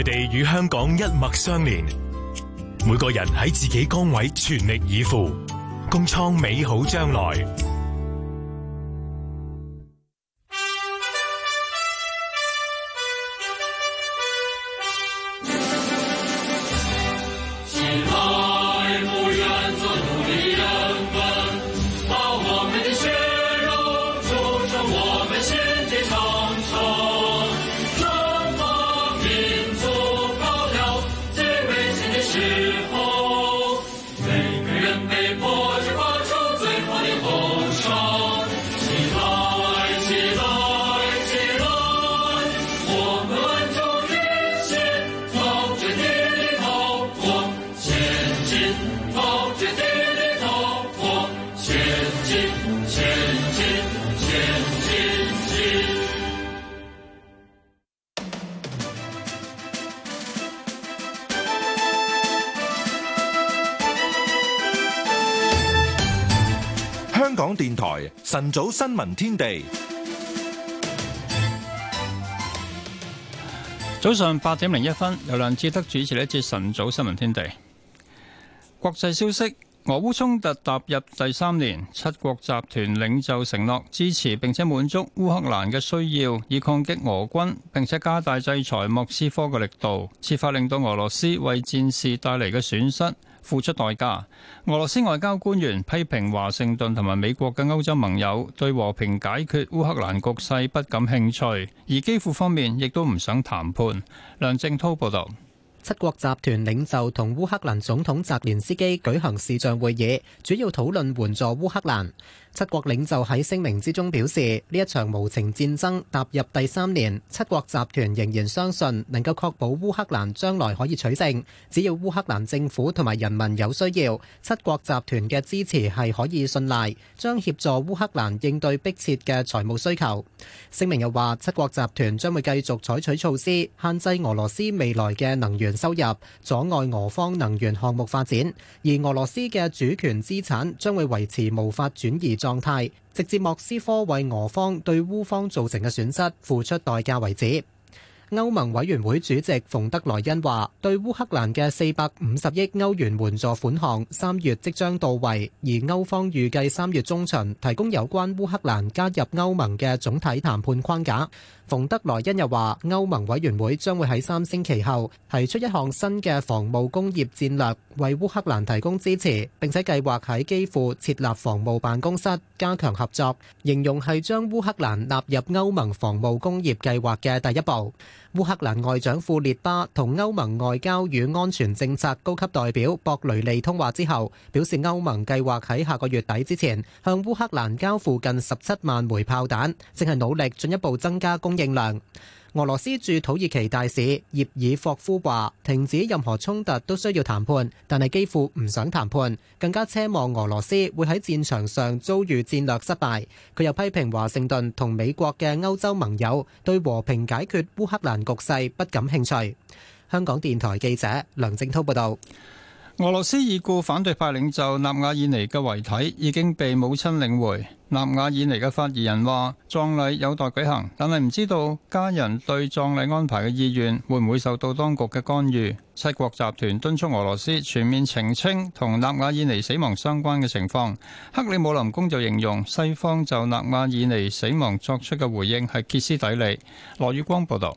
佢哋與香港一脈相連，每個人喺自己崗位全力以赴，共創美好將來。香港電台晨早新聞天地，早上八點零一分，由梁志德主持一節晨早新聞天地。國際消息：俄烏衝突踏入第三年，七國集團領袖承諾支持並且滿足烏克蘭嘅需要，以抗擊俄軍，並且加大制裁莫斯科嘅力度，設法令到俄羅斯為戰事帶嚟嘅損失付出代價。俄羅斯外交官員批評華盛頓同埋美國嘅歐洲盟友對和平解決烏克蘭局勢不感興趣，而基輔方面亦都唔想談判。梁正濤報道。七國集團領袖同烏克蘭總統澤連斯基舉行視像會議，主要討論援助烏克蘭。七國領袖喺聲明之中表示，呢一場無情戰爭踏入第三年，七國集團仍然相信能夠確保烏克蘭將來可以取勝。只要烏克蘭政府同埋人民有需要，七國集團嘅支持係可以信賴，將協助烏克蘭應對迫切嘅財務需求。聲明又話，七國集團將會繼續採取措施，限制俄羅斯未來嘅能源收入，阻礙俄方能源項目發展，而俄羅斯嘅主權資產將會維持無法轉移狀態，直至莫斯科為俄方對烏方造成嘅損失付出代價為止。歐盟委員會主席馮德萊恩話，對烏克蘭嘅四百五十億歐元援助款項，三月即將到位，而歐方預計三月中旬提供有關烏克蘭加入歐盟嘅總體談判框架。馮德萊恩又話，歐盟委員會將會喺三星期後提出一項新嘅防務工業戰略，為烏克蘭提供支持，並且計劃喺基輔設立防務辦公室，加強合作，形容係將烏克蘭納入歐盟防務工業計劃嘅第一步。烏克蘭外長庫列巴同歐盟外交與安全政策高級代表博雷利通話之後，表示歐盟計劃喺下個月底之前向烏克蘭交付近十七萬枚炮彈，正係努力進一步增加供應量。俄羅斯駐土耳其大使葉爾霍夫話：停止任何衝突都需要談判，但係幾乎唔想談判，更加奢望俄羅斯會喺戰場上遭遇戰略失敗。佢又批評華盛頓同美國嘅歐洲盟友對和平解決烏克蘭局勢不感興趣。香港電台記者梁正滔報導。俄羅斯已故反對派領袖納瓦爾尼嘅遺體已經被母親領回。納瓦爾尼嘅發言人話，葬禮有待舉行，但係唔知道家人對葬禮安排嘅意願會唔會受到當局嘅干預。七國集團敦促俄羅斯全面澄清同納瓦爾尼死亡相關嘅情況。克里姆林宮就形容西方就納瓦爾尼死亡作出嘅回應係歇斯底里。羅宇光報道。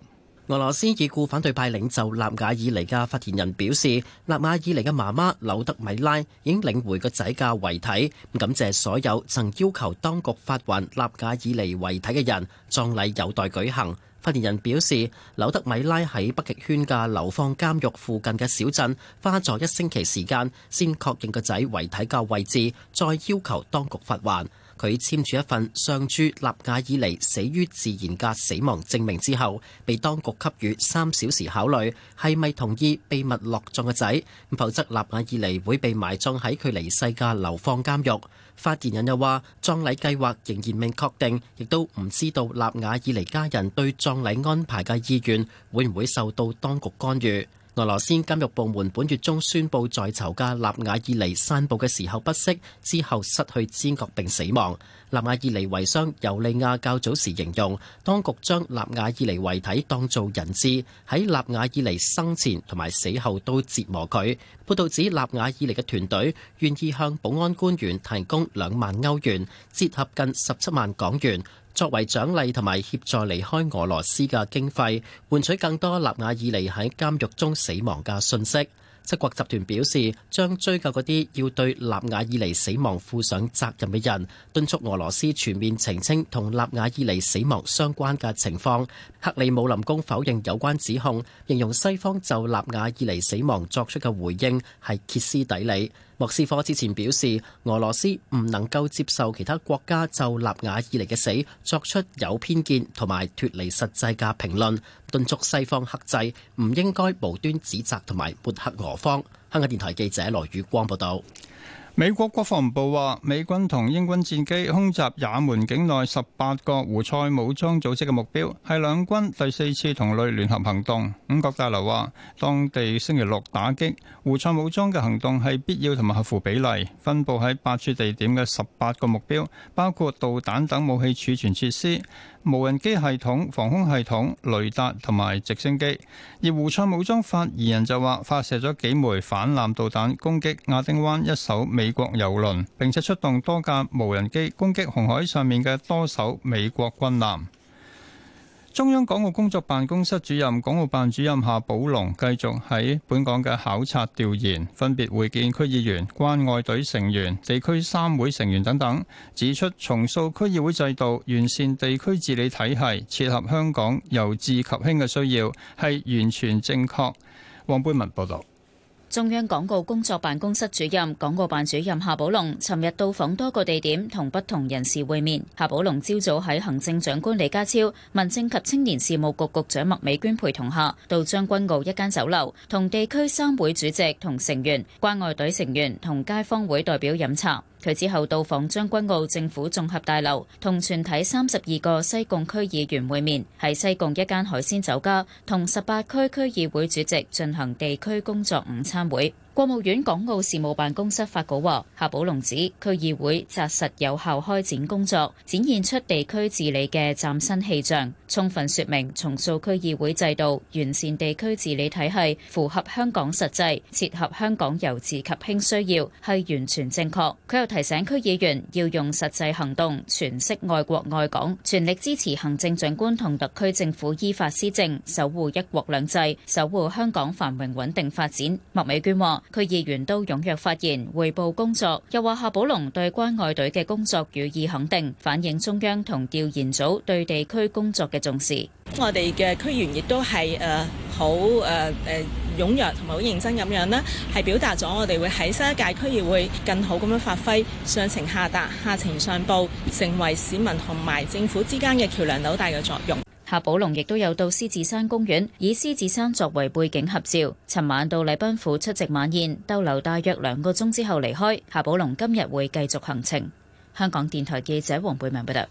俄羅斯已故反對派領袖納瓦爾尼嘅發言人表示，納瓦爾尼嘅媽媽柳德米拉已經領回個仔嘅遺體，感謝所有曾要求當局發還納瓦爾尼遺體嘅人，葬禮有待舉行。發言人表示，柳德米拉喺北極圈嘅流放監獄附近嘅小鎮花咗一星期時間，先確認個仔遺體嘅位置，再要求當局發還。佢簽署一份上注納瓦爾尼死於自然嘅死亡證明之後，被當局給予三小時考慮，係咪同意秘密落葬嘅仔？否則，納瓦爾尼會被埋葬喺佢離世嘅流放監獄。發言人又話：葬禮計劃仍然未確定，亦都唔知道納瓦爾尼家人對葬禮安排嘅意願會唔會受到當局干預。俄羅斯監獄部門本月中宣布，在囚犯納瓦爾尼散步嘅時候不適，之後失去知覺並死亡。納瓦爾尼遺孀尤利亞較早時形容，當局將納瓦爾尼遺體當做人質，喺納瓦爾尼生前同埋死後都折磨佢。報道指納瓦爾尼嘅團隊願意向保安官員提供兩萬歐元，折合近十七萬港元。作為獎勵同埋協助離開俄羅斯嘅經費，換取更多納瓦爾尼喺監獄中死亡嘅信息。七國集團表示將追究嗰啲要對納瓦爾尼死亡負上責任嘅人，敦促俄羅斯全面澄清同納瓦爾尼死亡相關嘅情況。克里姆林宮否認有關指控，形容西方就納瓦爾尼死亡作出嘅回應係歇斯底里。莫斯科之前表示，俄羅斯唔能夠接受其他國家就納瓦爾尼嘅死作出有偏見同埋脫離實際嘅評論，敦促西方克制，唔應該無端指責同埋抹黑俄方。香港電台記者羅宇光報道。美國國防部話，美軍同英軍戰機空襲也門境內十八個胡塞武裝組織嘅目標，係兩軍第四次同類聯合行動。五角大樓話，當地星期六打擊胡塞武裝嘅行動係必要同埋合乎比例，分布喺八處地點嘅十八個目標，包括導彈等武器儲存設施。無人機系統、防空系統、雷達同埋直升機。而胡塞武裝發言人就話，發射咗幾枚反艦導彈攻擊亞丁灣一艘美國郵輪，並且出動多架無人機攻擊紅海上面嘅多艘美國軍艦。。中央港澳工作辦公室主任、港澳辦主任夏寶龍繼續喺本港嘅考察調研，分別會見區議員、關愛隊成員、地區三會成員等等，指出重塑區議會制度、完善地區治理體系、切合香港由治及興嘅需要，係完全正確。黃貝文報道。中央港澳工作辦公室主任、港澳辦主任夏寶龍，尋日到訪多個地點，同不同人士會面。夏寶龍朝早喺行政長官李家超、民政及青年事務局局長麥美娟陪同下，到將軍澳一間酒樓，同地區三會主席同成員、關愛隊成員同街坊會代表飲茶。佢之後到訪將軍澳政府綜合大樓，同全體三十二個西貢區議員會面，喺西貢一間海鮮酒家，同十八區區議會主席進行地區工作午餐會。國務院港澳事務辦公室發稿話，夏寶龍指，區議會紮實有效開展工作，展現出地區治理的嶄新氣象，充分說明，重塑區議會制度，完善地區治理體系，符合香港實際，切合香港由治及興需要，係完全正確。佢又提醒區議員，要用實際行動，詮釋愛國愛港，全力支持行政長官，同特區政府依法施政，守護一國兩制，守護香港繁榮穩定發展。麥美娟話，區議員都踴躍發言匯報工作，又話夏寶龍對關愛隊嘅工作予以肯定，反映中央同調研組對地區工作嘅重視。我哋嘅區議員亦都係誒好，誒誒踴躍同埋好認真咁樣啦，係表達咗我哋會喺新一屆區議會更好咁樣發揮上情下達、下情上報，成為市民同埋政府之間嘅橋樑紐帶嘅作用。夏寶龍亦都有到獅子山公園，以獅子山作為背景合照。尋晚到禮賓府出席晚宴，逗留大約兩個鐘之後離開。夏寶龍今日會繼續行程。香港電台記者黃貝文報道。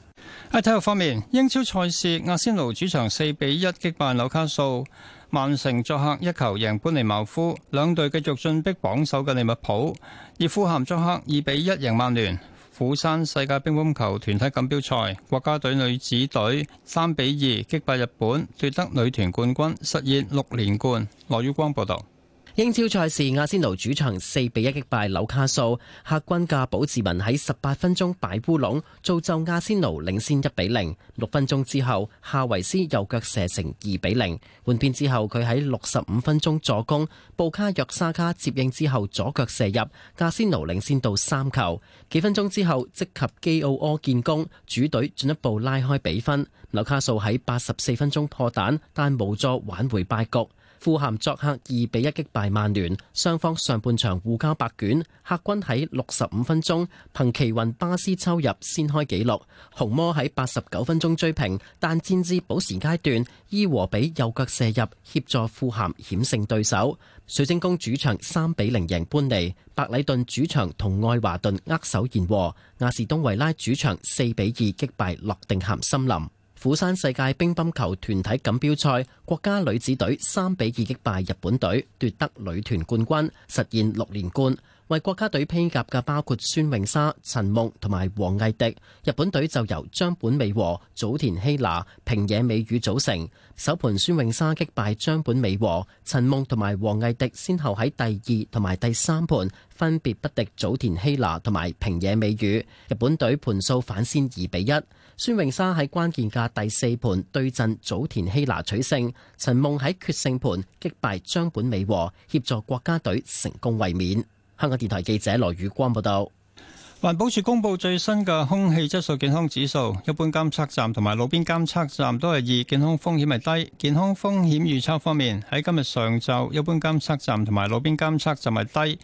喺體育方面，英超賽事，阿仙奴主場四比一擊敗紐卡素，曼城作客一球贏般尼茅夫，兩隊繼續進逼榜首嘅利物浦。而富咸作客二比一贏曼聯。釜山世界乒乓球團體錦標賽，國家隊女子隊三比二擊敗日本，奪得女團冠軍，實現六連冠。羅宇光報道。英超賽事，阿仙奴主場四比一擊敗紐卡素。客軍嘅保志文喺十八分鐘擺烏龍，造就阿仙奴領先一比零。六分鐘之後，夏維斯右腳射成二比零。換邊之後，佢喺六十五分鐘助攻布卡約沙卡接應之後左腳射入，阿仙奴領先到三球。幾分鐘之後，即及基奧柯建功，主隊進一步拉開比分。紐卡素喺八十四分鐘破蛋，但無助挽回敗局。富咸作客二比一擊敗曼聯，雙方上半場互交白卷，客軍喺六十五分鐘憑奇雲巴斯抽入先開紀錄，紅魔喺八十九分鐘追平，但戰至補時階段，伊和比右腳射入協助富咸險勝對手。水晶宮主場三比零贏般尼，白禮頓主場同愛華頓握手言和，亞士東維拉主場四比二擊敗諾定咸森林。釜山世界乒乓球團體錦標賽，國家女子隊三比二擊敗日本隊，奪得女團冠軍，實現六連冠。為國家隊披甲嘅包括孫穎莎、陳夢同埋王藝迪，日本隊就由張本美和、早田希娜、平野美宇組成。首盤孫穎莎擊敗張本美和，陳夢同埋王藝迪先後喺第二同埋第三盤分別不敵早田希娜同埋平野美宇，日本隊盤數反先二比一。孫穎莎喺關鍵嘅第四盤對陣早田希娜取勝，陳夢喺決勝盤擊敗張本美和，協助國家隊成功衛冕。香港電台記者羅宇光報道。環保署公布最新嘅空氣質素健康指數，一般監測站同埋路邊監測站都係二，健康風險係低。健康風險預測方面，喺今日上晝一般監測站同埋路邊監測站係低，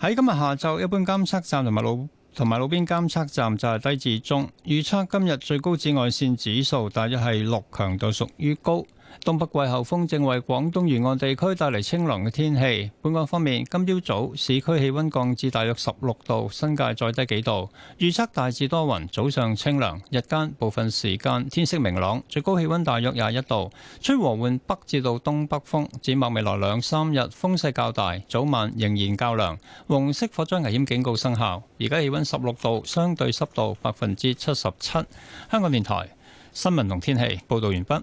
喺今日下晝一般監測站同埋路，路。同埋路邊監測站就係低至中，預測今日最高紫外線指數大約係六，強度屬於高。東北季候風正為廣東沿岸地區帶嚟清涼嘅天氣。本港方面，今朝早早市區氣温降至大約十六度，新界再低幾度。預測大致多雲，早上清涼，日間部分時間天色明朗，最高氣温大約廿一度。吹和緩北至到東北風，展望未來兩三日風勢較大，早晚仍然較涼。紅色火災危險警告生效，而家氣温十六度，相對濕度百分之七十七。香港電台新聞同天氣報道完畢。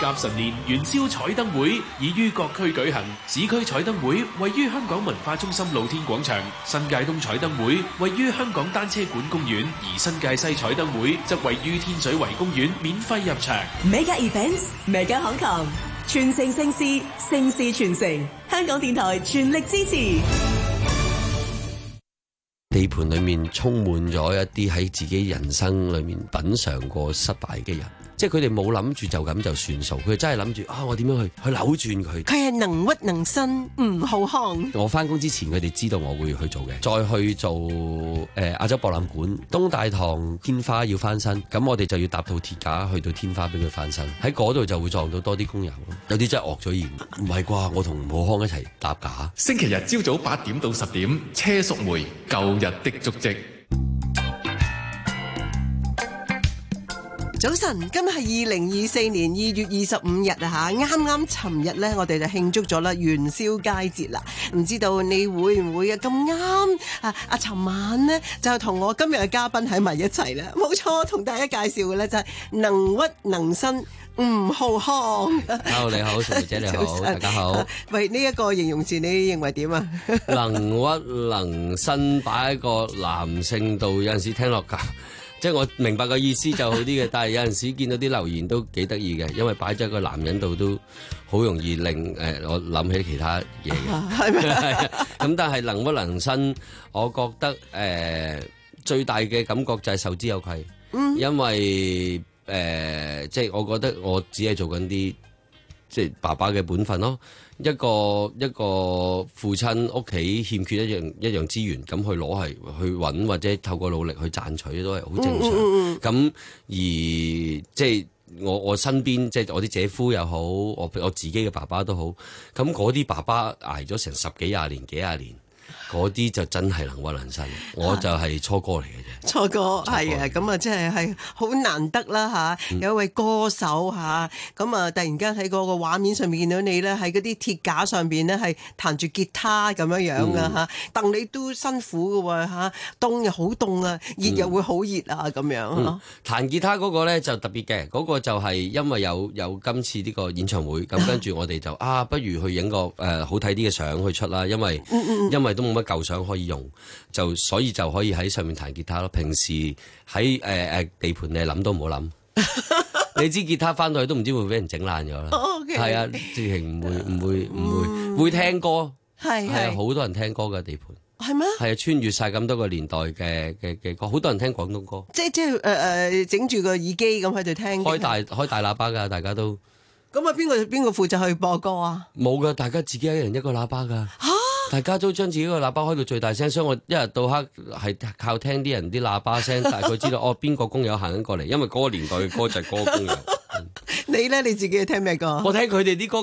甲辰年元宵彩燈會已於各區舉行，市區彩燈會位於香港文化中心露天廣場，新界東彩燈會位於香港單車館公園，而新界西彩燈會則位於天水圍公園，免費入場。mega events mega 全城盛事，盛事全城，香港電台全力支持。地盤裏面充滿咗一啲喺自己人生裏面品嘗過失敗嘅人。即係佢哋冇諗住就咁就算數，佢真係諗住啊！我點樣去去扭轉佢？佢係能屈能伸，吳浩康。我翻工之前，佢哋知道我會去做嘅。再去做誒亞、呃、洲博覽館東大堂天花要翻身。咁我哋就要搭套鐵架去到天花俾佢翻身，喺嗰度就會撞到多啲工友咯，有啲真係惡咗，言。唔係啩？我同吳浩康一齊搭架。星期日朝早八點到十點，車淑梅。舊日的足跡。早晨，今日係二零二四年二月二十五日啊！吓，啱啱尋日咧，我哋就慶祝咗啦元宵佳節啦。唔知道你會唔會啊咁啱啊啊！尋、啊、晚咧就同我今日嘅嘉賓喺埋一齊啦。冇錯，同大家介紹嘅咧就係、是、能屈能伸吳浩康。 Hello，你好，陳小姐你好，早晨，大家好。喂、啊，呢一、這個形容詞你認為點啊？ 能屈能伸擺喺個男性度有陣時聽落㗎。 即係我明白個意思就好啲嘅，但係有陣時見到啲留言都幾得意嘅，因為擺咗個男人度都好容易令誒、呃，我諗起其他嘢嘅。咁 但係能不能生，我覺得誒、呃、最大嘅感覺就係受之有愧。因為誒、呃，即係我覺得我只係做緊啲。即係爸爸嘅本分咯，一個一個父親屋企欠缺一樣一樣資源，咁去攞係去揾或者透過努力去賺取都係好正常。咁而即係我我身邊即係我啲姐夫又好，我我自己嘅爸爸都好，咁嗰啲爸爸捱咗成十幾廿年幾廿年。嗰啲就真係能屈能伸，啊、我就係初哥嚟嘅啫。初哥，係啊，咁啊、嗯，即係係好難得啦吓，嗯、有一位歌手吓，咁啊，突然間喺嗰個畫面上面見到你咧，喺嗰啲鐵架上邊咧，係彈住吉他咁樣樣嘅吓，戥、嗯啊、你都辛苦嘅喎嚇，凍、啊、又好凍啊，熱又會好熱啊咁樣嚇。嗯啊、彈吉他嗰個咧就特別嘅，嗰、嗰個就係因為有有今次呢個演唱會，咁、啊、跟住我哋就啊，不如去影個誒好睇啲嘅相去出啦，因為因為，因為都。冇乜舊相可以用，就所以就可以喺上面彈吉他咯。平時喺誒誒地盤 你諗都唔好諗，你支吉他翻到去都唔知會唔會俾人整爛咗啦。係 啊，直情唔會唔、呃、會唔會會、嗯、會聽歌，係係啊好多人聽歌嘅地盤，係咩嗎？係啊，穿越晒咁多個年代嘅嘅嘅歌，好多人聽廣東歌，即即係誒誒，整、呃、住個耳機咁喺度聽。開大開大喇叭噶，大家都咁啊？邊個邊個負責去播歌啊？冇噶，大家自己一人一個喇叭噶。大家都將自己個喇叭開到最大聲，所以我一日到黑係靠聽啲人啲喇叭聲，但係佢知道哦，邊個工友行緊過嚟。因為個年代嘅歌就係歌工友。 嗯、你咧，你自己聽咩歌？ 我聽佢哋啲歌。